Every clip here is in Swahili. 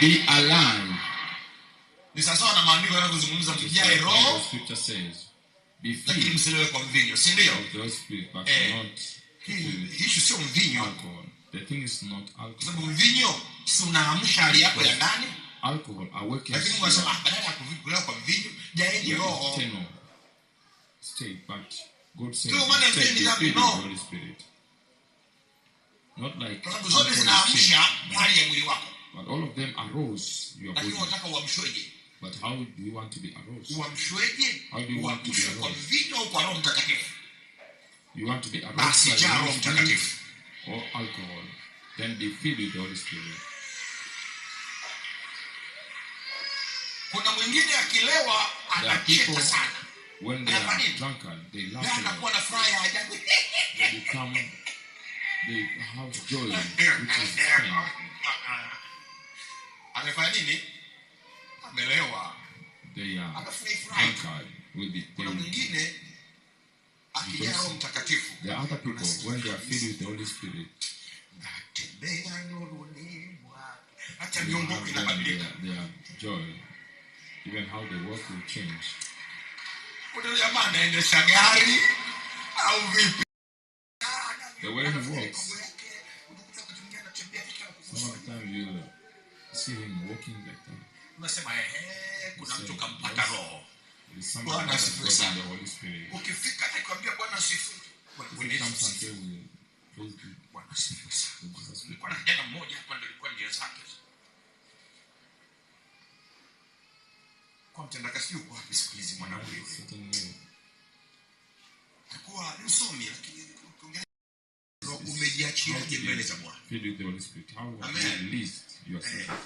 be alive. Ni sawasawa na maandiko yanavyozungumza mjae roho lakini msilewe kwa mvinyo, si ndio? Eh, sio mvinyo, sababu mvinyo si unaamsha hali yako ya ndani. Lakini ah, badala ya kwa mvinyo, roho. maana mvinyo ni dhambi, no? Not like zote zinaamsha hali ya mwili wako But all of them arose. Lakini uamshweje? But how do you want to be arose? Uamshweje? How do you want to be arose? Kwa au kwa Roho Mtakatifu? You want to be arose basi jaa Roho Mtakatifu or alcohol, then be filled with the Holy Spirit. Kuna mwingine akilewa anacheka sana. When they are drunken, they laugh a They become, they have joy, which is strange amefanya nini? Amelewa, mwingine akijaa Mtakatifu, natembea nuruni, hata inabadilika. jamaa anaendesha gari au vipi? The way he walks. see Unasema kuna mtu kampata roho. Bwana Ukifika nikwambia Bwana asifiwe. ukiachia mbele za Bwana. Eh,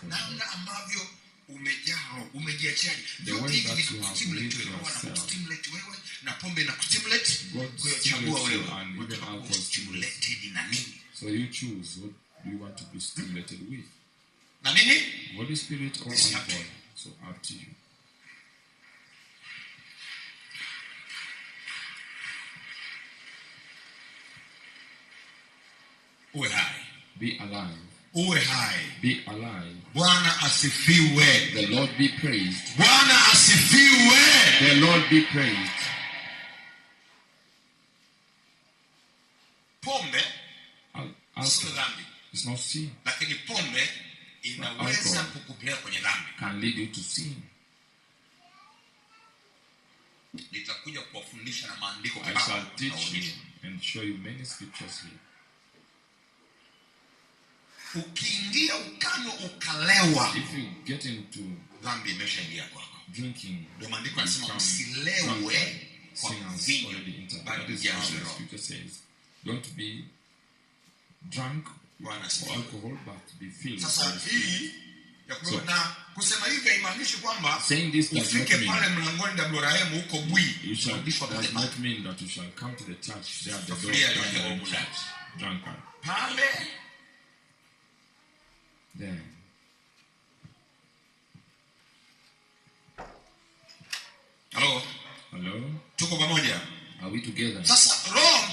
namna ambavyo umejaa umejiachiaje? wewe, na pombe na kustimulate. wewe na nini. So you choose what you want to be stimulated with. Holy Spirit or alcohol. So up to you. uwe hai. Be alive. Uwe hai. Be alive. Bwana asifiwe. The Lord be praised. Bwana asifiwe. The Lord be praised. Pombe sio dhambi. It's not sin. Lakini pombe inaweza kukupeleka kwenye dhambi. Can lead you to sin. Nitakuja kuwafundisha na maandiko kibao. I and show you many scriptures here ukiingia ukanywa ukalewa, dhambi imeshaingia kwako. Drinking, ndio maandiko yanasema msilewe kwa mvinyo, don't be drunk or alcohol but be filled. so, na kusema hivi haimaanishi kwamba You shall does not mean that you shall come to the church there the door and drink drunkard day. Hello. Hello. Tuko pamoja. Are we together? Sasa roho